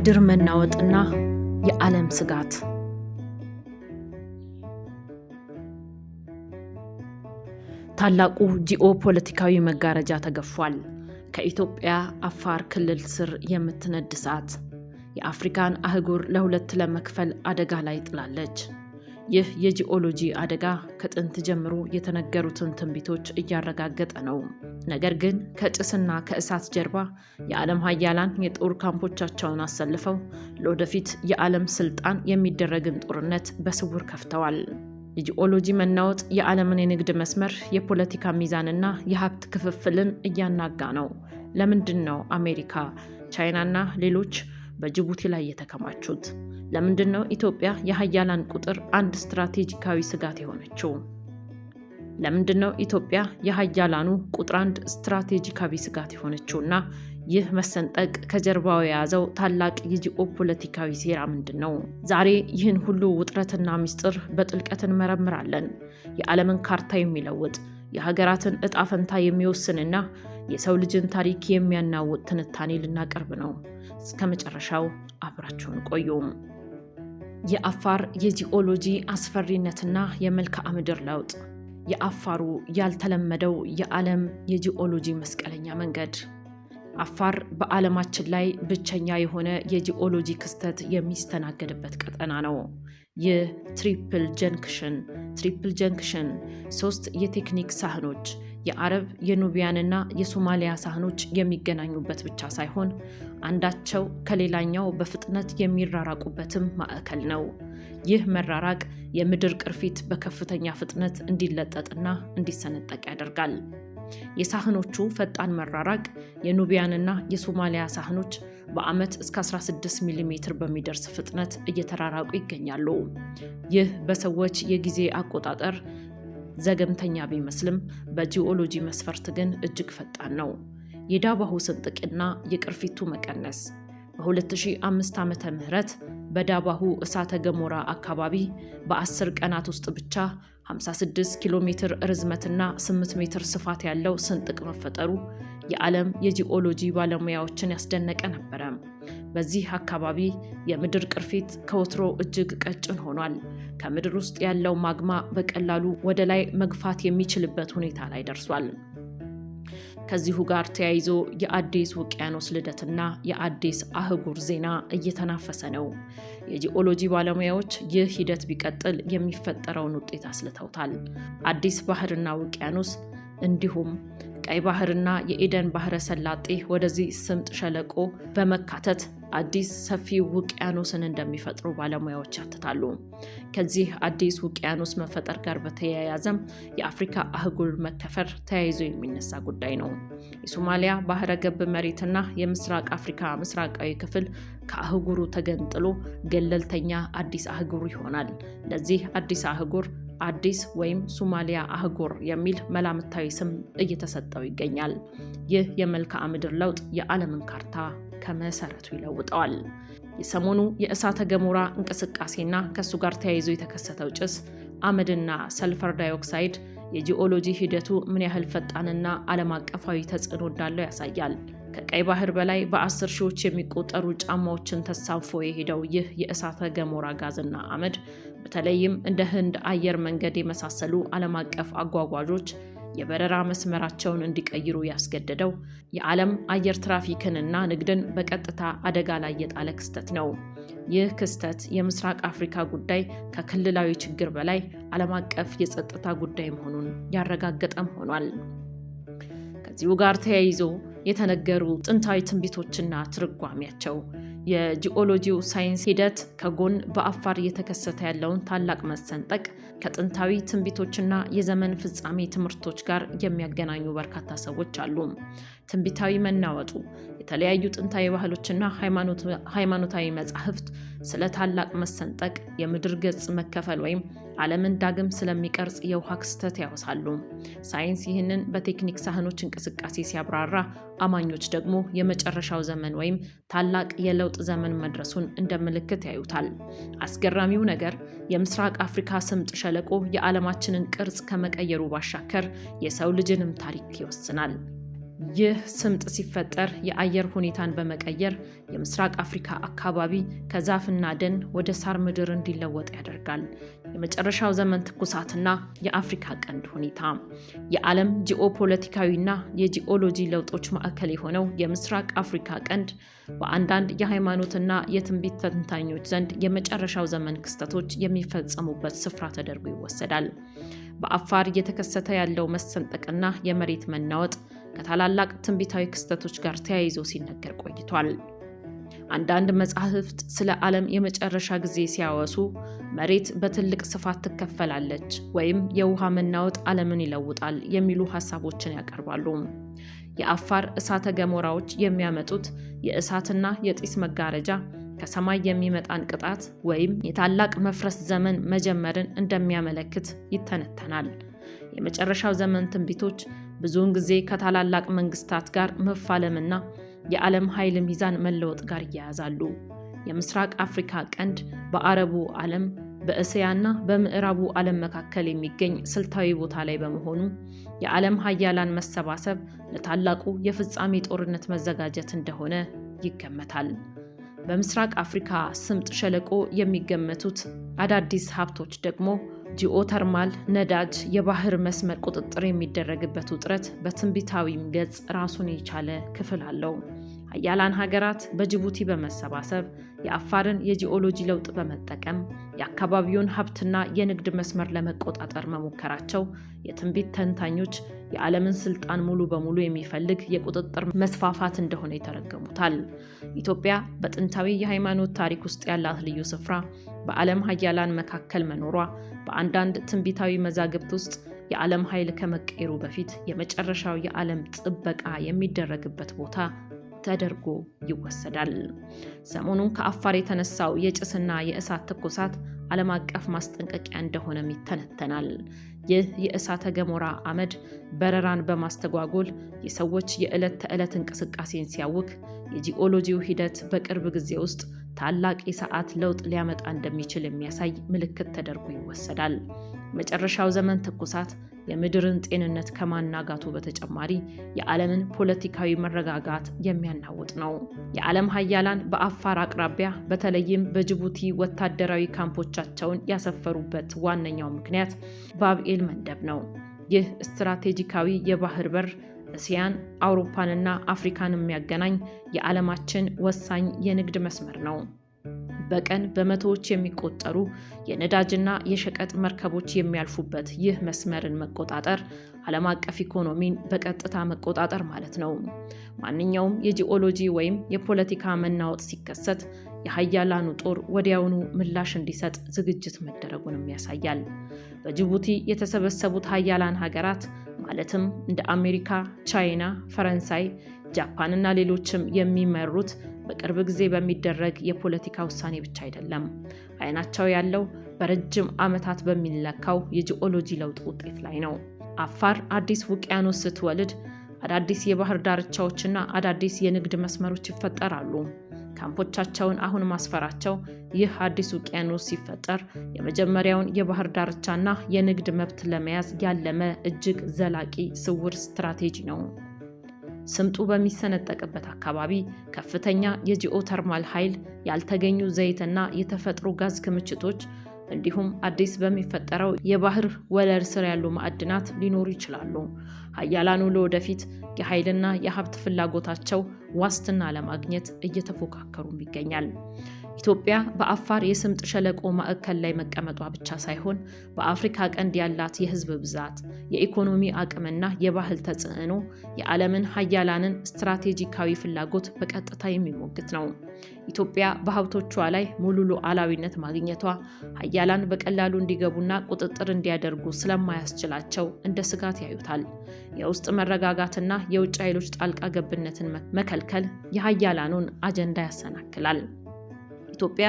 የምድር መናወጥና የዓለም ስጋት ታላቁ ጂኦፖለቲካዊ መጋረጃ ተገፏል። ከኢትዮጵያ አፋር ክልል ስር የምትነድ እሳት የአፍሪካን አህጉር ለሁለት ለመክፈል አደጋ ላይ ጥላለች። ይህ የጂኦሎጂ አደጋ ከጥንት ጀምሮ የተነገሩትን ትንቢቶች እያረጋገጠ ነው። ነገር ግን ከጭስና ከእሳት ጀርባ የዓለም ሀያላን የጦር ካምፖቻቸውን አሰልፈው ለወደፊት የዓለም ስልጣን የሚደረግን ጦርነት በስውር ከፍተዋል። የጂኦሎጂ መናወጥ የዓለምን የንግድ መስመር፣ የፖለቲካ ሚዛንና የሀብት ክፍፍልን እያናጋ ነው። ለምንድን ነው አሜሪካ፣ ቻይናና ሌሎች በጅቡቲ ላይ የተከማቹት? ለምንድን ነው ኢትዮጵያ የሀያላን ቁጥር አንድ ስትራቴጂካዊ ስጋት የሆነችው? ለምንድን ነው ኢትዮጵያ የሀያላኑ ቁጥር አንድ ስትራቴጂካዊ ስጋት የሆነችው እና ይህ መሰንጠቅ ከጀርባው የያዘው ታላቅ የጂኦ ፖለቲካዊ ሴራ ምንድን ነው? ዛሬ ይህን ሁሉ ውጥረትና ምስጢር በጥልቀት እንመረምራለን። የዓለምን ካርታ የሚለውጥ የሀገራትን እጣ ፈንታ የሚወስንና የሰው ልጅን ታሪክ የሚያናውጥ ትንታኔ ልናቀርብ ነው። እስከ መጨረሻው አብራችሁን ቆዩም። የአፋር የጂኦሎጂ አስፈሪነትና የመልክዓ ምድር ለውጥ፣ የአፋሩ ያልተለመደው የዓለም የጂኦሎጂ መስቀለኛ መንገድ። አፋር በዓለማችን ላይ ብቸኛ የሆነ የጂኦሎጂ ክስተት የሚስተናገድበት ቀጠና ነው። ይህ ትሪፕል ጀንክሽን ትሪፕል ጀንክሽን ሶስት የቴክኒክ ሳህኖች የአረብ የኑቢያንና የሶማሊያ ሳህኖች የሚገናኙበት ብቻ ሳይሆን አንዳቸው ከሌላኛው በፍጥነት የሚራራቁበትም ማዕከል ነው። ይህ መራራቅ የምድር ቅርፊት በከፍተኛ ፍጥነት እንዲለጠጥና እንዲሰነጠቅ ያደርጋል። የሳህኖቹ ፈጣን መራራቅ የኑቢያንና የሶማሊያ ሳህኖች በዓመት እስከ 16 ሚሊ ሜትር በሚደርስ ፍጥነት እየተራራቁ ይገኛሉ። ይህ በሰዎች የጊዜ አቆጣጠር ዘገምተኛ ቢመስልም በጂኦሎጂ መስፈርት ግን እጅግ ፈጣን ነው። የዳባሁ ስንጥቅና የቅርፊቱ መቀነስ በ2005 ዓ ም በዳባሁ እሳተ ገሞራ አካባቢ በ10 ቀናት ውስጥ ብቻ 56 ኪሎ ሜትር ርዝመትና 8 ሜትር ስፋት ያለው ስንጥቅ መፈጠሩ የዓለም የጂኦሎጂ ባለሙያዎችን ያስደነቀ ነበረ። በዚህ አካባቢ የምድር ቅርፊት ከወትሮ እጅግ ቀጭን ሆኗል። ከምድር ውስጥ ያለው ማግማ በቀላሉ ወደ ላይ መግፋት የሚችልበት ሁኔታ ላይ ደርሷል። ከዚሁ ጋር ተያይዞ የአዲስ ውቅያኖስ ልደትና የአዲስ አህጉር ዜና እየተናፈሰ ነው። የጂኦሎጂ ባለሙያዎች ይህ ሂደት ቢቀጥል የሚፈጠረውን ውጤት አስልተውታል። አዲስ ባህርና ውቅያኖስ እንዲሁም ቀይ ባህርና የኤደን ባህረ ሰላጤ ወደዚህ ስምጥ ሸለቆ በመካተት አዲስ ሰፊ ውቅያኖስን እንደሚፈጥሩ ባለሙያዎች ያትታሉ። ከዚህ አዲስ ውቅያኖስ መፈጠር ጋር በተያያዘም የአፍሪካ አህጉር መከፈር ተያይዞ የሚነሳ ጉዳይ ነው። የሶማሊያ ባህረ ገብ መሬትና የምስራቅ አፍሪካ ምስራቃዊ ክፍል ከአህጉሩ ተገንጥሎ ገለልተኛ አዲስ አህጉር ይሆናል። ለዚህ አዲስ አህጉር አዲስ ወይም ሱማሊያ አህጉር የሚል መላምታዊ ስም እየተሰጠው ይገኛል። ይህ የመልክዓ ምድር ለውጥ የዓለምን ካርታ ከመሰረቱ ይለውጠዋል። የሰሞኑ የእሳተ ገሞራ እንቅስቃሴና ከእሱ ጋር ተያይዞ የተከሰተው ጭስ፣ አመድና ሰልፈር ዳይኦክሳይድ የጂኦሎጂ ሂደቱ ምን ያህል ፈጣንና ዓለም አቀፋዊ ተጽዕኖ እንዳለው ያሳያል። ከቀይ ባህር በላይ በአስር ሺዎች የሚቆጠሩ ጫማዎችን ተሳፎ የሄደው ይህ የእሳተ ገሞራ ጋዝና አመድ በተለይም እንደ ህንድ አየር መንገድ የመሳሰሉ ዓለም አቀፍ አጓጓዦች የበረራ መስመራቸውን እንዲቀይሩ ያስገደደው የዓለም አየር ትራፊክንና ንግድን በቀጥታ አደጋ ላይ የጣለ ክስተት ነው። ይህ ክስተት የምስራቅ አፍሪካ ጉዳይ ከክልላዊ ችግር በላይ ዓለም አቀፍ የጸጥታ ጉዳይ መሆኑን ያረጋገጠም ሆኗል። ከዚሁ ጋር ተያይዞ የተነገሩ ጥንታዊ ትንቢቶችና ትርጓሜያቸው የጂኦሎጂው ሳይንስ ሂደት ከጎን በአፋር እየተከሰተ ያለውን ታላቅ መሰንጠቅ ከጥንታዊ ትንቢቶችና የዘመን ፍጻሜ ትምህርቶች ጋር የሚያገናኙ በርካታ ሰዎች አሉ። ትንቢታዊ መናወጡ የተለያዩ ጥንታዊ ባህሎችና ሃይማኖታዊ መጻሕፍት ስለ ታላቅ መሰንጠቅ፣ የምድር ገጽ መከፈል ወይም ዓለምን ዳግም ስለሚቀርጽ የውሃ ክስተት ያወሳሉ። ሳይንስ ይህንን በቴክኒክ ሳህኖች እንቅስቃሴ ሲያብራራ፣ አማኞች ደግሞ የመጨረሻው ዘመን ወይም ታላቅ የለውጥ ዘመን መድረሱን እንደ ምልክት ያዩታል። አስገራሚው ነገር የምስራቅ አፍሪካ ስምጥ ሸለቆ የዓለማችንን ቅርጽ ከመቀየሩ ባሻገር የሰው ልጅንም ታሪክ ይወስናል። ይህ ስምጥ ሲፈጠር የአየር ሁኔታን በመቀየር የምስራቅ አፍሪካ አካባቢ ከዛፍና ደን ወደ ሳር ምድር እንዲለወጥ ያደርጋል። የመጨረሻው ዘመን ትኩሳትና የአፍሪካ ቀንድ ሁኔታ የዓለም ጂኦፖለቲካዊና የጂኦሎጂ ለውጦች ማዕከል የሆነው የምስራቅ አፍሪካ ቀንድ በአንዳንድ የሃይማኖትና የትንቢት ተንታኞች ዘንድ የመጨረሻው ዘመን ክስተቶች የሚፈጸሙበት ስፍራ ተደርጎ ይወሰዳል። በአፋር እየተከሰተ ያለው መሰንጠቅና የመሬት መናወጥ ከታላላቅ ትንቢታዊ ክስተቶች ጋር ተያይዞ ሲነገር ቆይቷል። አንዳንድ መጻሕፍት ስለ ዓለም የመጨረሻ ጊዜ ሲያወሱ መሬት በትልቅ ስፋት ትከፈላለች ወይም የውሃ መናወጥ ዓለምን ይለውጣል የሚሉ ሐሳቦችን ያቀርባሉ። የአፋር እሳተ ገሞራዎች የሚያመጡት የእሳትና የጢስ መጋረጃ ከሰማይ የሚመጣን ቅጣት ወይም የታላቅ መፍረስ ዘመን መጀመርን እንደሚያመለክት ይተነተናል። የመጨረሻው ዘመን ትንቢቶች ብዙውን ጊዜ ከታላላቅ መንግስታት ጋር መፋለምና የዓለም ኃይል ሚዛን መለወጥ ጋር ይያያዛሉ። የምስራቅ አፍሪካ ቀንድ በአረቡ ዓለም በእስያና በምዕራቡ ዓለም መካከል የሚገኝ ስልታዊ ቦታ ላይ በመሆኑ የዓለም ሀያላን መሰባሰብ ለታላቁ የፍጻሜ ጦርነት መዘጋጀት እንደሆነ ይገመታል። በምስራቅ አፍሪካ ስምጥ ሸለቆ የሚገመቱት አዳዲስ ሀብቶች ደግሞ ጂኦተርማል ነዳጅ የባህር መስመር ቁጥጥር የሚደረግበት ውጥረት በትንቢታዊም ገጽ ራሱን የቻለ ክፍል አለው። አያላን ሀገራት በጅቡቲ በመሰባሰብ የአፋርን የጂኦሎጂ ለውጥ በመጠቀም የአካባቢውን ሀብትና የንግድ መስመር ለመቆጣጠር መሞከራቸው የትንቢት ተንታኞች የዓለምን ስልጣን ሙሉ በሙሉ የሚፈልግ የቁጥጥር መስፋፋት እንደሆነ ይተረገሙታል። ኢትዮጵያ በጥንታዊ የሃይማኖት ታሪክ ውስጥ ያላት ልዩ ስፍራ በዓለም ሀያላን መካከል መኖሯ በአንዳንድ ትንቢታዊ መዛግብት ውስጥ የዓለም ኃይል ከመቀየሩ በፊት የመጨረሻው የዓለም ጥበቃ የሚደረግበት ቦታ ተደርጎ ይወሰዳል። ሰሞኑን ከአፋር የተነሳው የጭስና የእሳት ትኩሳት ዓለም አቀፍ ማስጠንቀቂያ እንደሆነም ይተነተናል። ይህ የእሳተ ገሞራ አመድ በረራን በማስተጓጎል የሰዎች የዕለት ተዕለት እንቅስቃሴን ሲያውክ የጂኦሎጂው ሂደት በቅርብ ጊዜ ውስጥ ታላቅ የሰዓት ለውጥ ሊያመጣ እንደሚችል የሚያሳይ ምልክት ተደርጎ ይወሰዳል። መጨረሻው ዘመን ትኩሳት የምድርን ጤንነት ከማናጋቱ በተጨማሪ የዓለምን ፖለቲካዊ መረጋጋት የሚያናውጥ ነው። የዓለም ሀያላን በአፋር አቅራቢያ በተለይም በጅቡቲ ወታደራዊ ካምፖቻቸውን ያሰፈሩበት ዋነኛው ምክንያት ባብኤል መንደብ ነው። ይህ ስትራቴጂካዊ የባህር በር እስያን፣ አውሮፓንና አፍሪካን የሚያገናኝ የዓለማችን ወሳኝ የንግድ መስመር ነው። በቀን በመቶዎች የሚቆጠሩ የነዳጅና የሸቀጥ መርከቦች የሚያልፉበት ይህ መስመርን መቆጣጠር ዓለም አቀፍ ኢኮኖሚን በቀጥታ መቆጣጠር ማለት ነው። ማንኛውም የጂኦሎጂ ወይም የፖለቲካ መናወጥ ሲከሰት የሀያላኑ ጦር ወዲያውኑ ምላሽ እንዲሰጥ ዝግጅት መደረጉንም ያሳያል። በጅቡቲ የተሰበሰቡት ሀያላን ሀገራት ማለትም እንደ አሜሪካ፣ ቻይና፣ ፈረንሳይ፣ ጃፓን እና ሌሎችም የሚመሩት በቅርብ ጊዜ በሚደረግ የፖለቲካ ውሳኔ ብቻ አይደለም። አይናቸው ያለው በረጅም ዓመታት በሚለካው የጂኦሎጂ ለውጥ ውጤት ላይ ነው። አፋር አዲስ ውቅያኖስ ስትወልድ አዳዲስ የባህር ዳርቻዎችና አዳዲስ የንግድ መስመሮች ይፈጠራሉ። ካምፖቻቸውን አሁን ማስፈራቸው ይህ አዲስ ውቅያኖስ ሲፈጠር የመጀመሪያውን የባህር ዳርቻና የንግድ መብት ለመያዝ ያለመ እጅግ ዘላቂ ስውር ስትራቴጂ ነው። ስምጡ በሚሰነጠቅበት አካባቢ ከፍተኛ የጂኦተርማል ኃይል፣ ያልተገኙ ዘይትና የተፈጥሮ ጋዝ ክምችቶች እንዲሁም አዲስ በሚፈጠረው የባህር ወለል ስር ያሉ ማዕድናት ሊኖሩ ይችላሉ። ሀያላኑ ለወደፊት የኃይልና የሀብት ፍላጎታቸው ዋስትና ለማግኘት እየተፎካከሩም ይገኛል። ኢትዮጵያ በአፋር የስምጥ ሸለቆ ማዕከል ላይ መቀመጧ ብቻ ሳይሆን በአፍሪካ ቀንድ ያላት የህዝብ ብዛት፣ የኢኮኖሚ አቅምና የባህል ተጽዕኖ የዓለምን ሀያላንን ስትራቴጂካዊ ፍላጎት በቀጥታ የሚሞግት ነው። ኢትዮጵያ በሀብቶቿ ላይ ሙሉ ሉዓላዊነት ማግኘቷ ሀያላን በቀላሉ እንዲገቡና ቁጥጥር እንዲያደርጉ ስለማያስችላቸው እንደ ስጋት ያዩታል። የውስጥ መረጋጋትና የውጭ ኃይሎች ጣልቃ ገብነትን መከልከል የሀያላኑን አጀንዳ ያሰናክላል። ኢትዮጵያ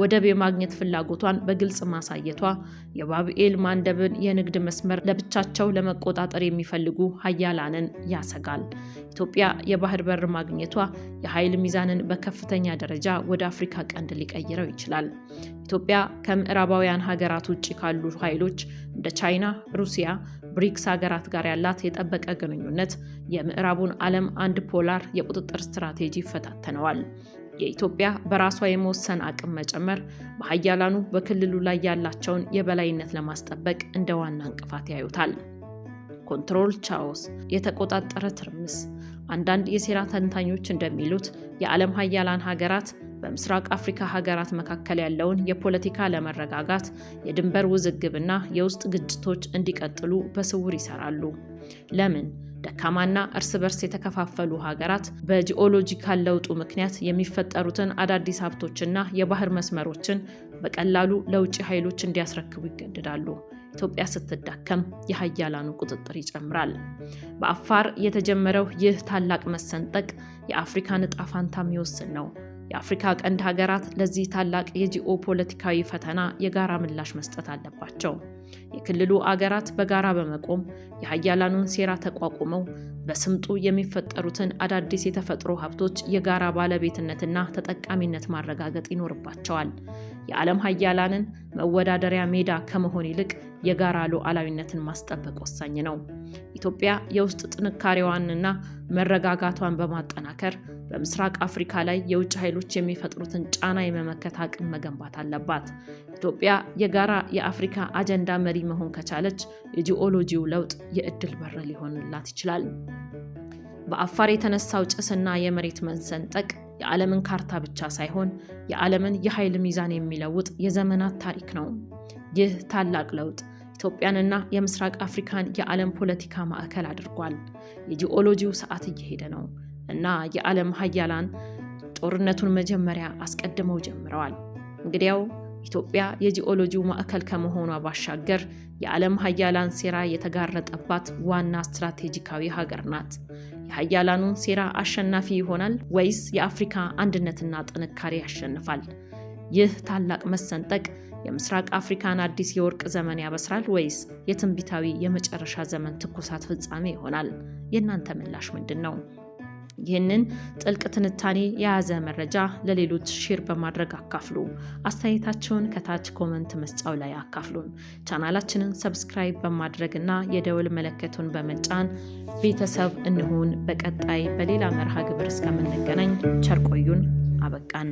ወደብ የማግኘት ፍላጎቷን በግልጽ ማሳየቷ የባብኤል ማንደብን የንግድ መስመር ለብቻቸው ለመቆጣጠር የሚፈልጉ ሀያላንን ያሰጋል። ኢትዮጵያ የባህር በር ማግኘቷ የኃይል ሚዛንን በከፍተኛ ደረጃ ወደ አፍሪካ ቀንድ ሊቀይረው ይችላል። ኢትዮጵያ ከምዕራባውያን ሀገራት ውጭ ካሉ ኃይሎች እንደ ቻይና፣ ሩሲያ ብሪክስ ሀገራት ጋር ያላት የጠበቀ ግንኙነት የምዕራቡን ዓለም አንድ ፖላር የቁጥጥር ስትራቴጂ ይፈታተነዋል። የኢትዮጵያ በራሷ የመወሰን አቅም መጨመር በሀያላኑ በክልሉ ላይ ያላቸውን የበላይነት ለማስጠበቅ እንደ ዋና እንቅፋት ያዩታል። ኮንትሮል ቻውስ፣ የተቆጣጠረ ትርምስ። አንዳንድ የሴራ ተንታኞች እንደሚሉት የዓለም ሀያላን ሀገራት በምስራቅ አፍሪካ ሀገራት መካከል ያለውን የፖለቲካ ለመረጋጋት የድንበር ውዝግብና የውስጥ ግጭቶች እንዲቀጥሉ በስውር ይሰራሉ። ለምን? ደካማና እርስ በርስ የተከፋፈሉ ሀገራት በጂኦሎጂካል ለውጡ ምክንያት የሚፈጠሩትን አዳዲስ ሀብቶችና የባህር መስመሮችን በቀላሉ ለውጭ ኃይሎች እንዲያስረክቡ ይገደዳሉ። ኢትዮጵያ ስትዳከም የሀያላኑ ቁጥጥር ይጨምራል። በአፋር የተጀመረው ይህ ታላቅ መሰንጠቅ የአፍሪካን ዕጣ ፋንታ የሚወስን ነው። የአፍሪካ ቀንድ ሀገራት ለዚህ ታላቅ የጂኦፖለቲካዊ ፈተና የጋራ ምላሽ መስጠት አለባቸው። የክልሉ አገራት በጋራ በመቆም የሀያላኑን ሴራ ተቋቁመው በስምጡ የሚፈጠሩትን አዳዲስ የተፈጥሮ ሀብቶች የጋራ ባለቤትነትና ተጠቃሚነት ማረጋገጥ ይኖርባቸዋል። የዓለም ሀያላንን መወዳደሪያ ሜዳ ከመሆን ይልቅ የጋራ ሉዓላዊነትን ማስጠበቅ ወሳኝ ነው። ኢትዮጵያ የውስጥ ጥንካሬዋንና መረጋጋቷን በማጠናከር በምስራቅ አፍሪካ ላይ የውጭ ኃይሎች የሚፈጥሩትን ጫና የመመከት አቅም መገንባት አለባት። ኢትዮጵያ የጋራ የአፍሪካ አጀንዳ መሪ መሆን ከቻለች የጂኦሎጂው ለውጥ የእድል በር ሊሆንላት ይችላል። በአፋር የተነሳው ጭስና የመሬት መንሰንጠቅ የዓለምን ካርታ ብቻ ሳይሆን የዓለምን የኃይል ሚዛን የሚለውጥ የዘመናት ታሪክ ነው። ይህ ታላቅ ለውጥ ኢትዮጵያንና የምስራቅ አፍሪካን የዓለም ፖለቲካ ማዕከል አድርጓል። የጂኦሎጂው ሰዓት እየሄደ ነው እና የዓለም ሀያላን ጦርነቱን መጀመሪያ አስቀድመው ጀምረዋል። እንግዲያው ኢትዮጵያ የጂኦሎጂው ማዕከል ከመሆኗ ባሻገር የዓለም ሀያላን ሴራ የተጋረጠባት ዋና ስትራቴጂካዊ ሀገር ናት። የሀያላኑን ሴራ አሸናፊ ይሆናል ወይስ የአፍሪካ አንድነትና ጥንካሬ ያሸንፋል? ይህ ታላቅ መሰንጠቅ የምስራቅ አፍሪካን አዲስ የወርቅ ዘመን ያበስራል ወይስ የትንቢታዊ የመጨረሻ ዘመን ትኩሳት ፍጻሜ ይሆናል? የእናንተ ምላሽ ምንድን ነው? ይህንን ጥልቅ ትንታኔ የያዘ መረጃ ለሌሎች ሼር በማድረግ አካፍሉ። አስተያየታቸውን ከታች ኮመንት መስጫው ላይ አካፍሉን። ቻናላችንን ሰብስክራይብ በማድረግ እና የደወል መለከቱን በመጫን ቤተሰብ እንሁን። በቀጣይ በሌላ መርሃ ግብር እስከምንገናኝ ቸርቆዩን አበቃን።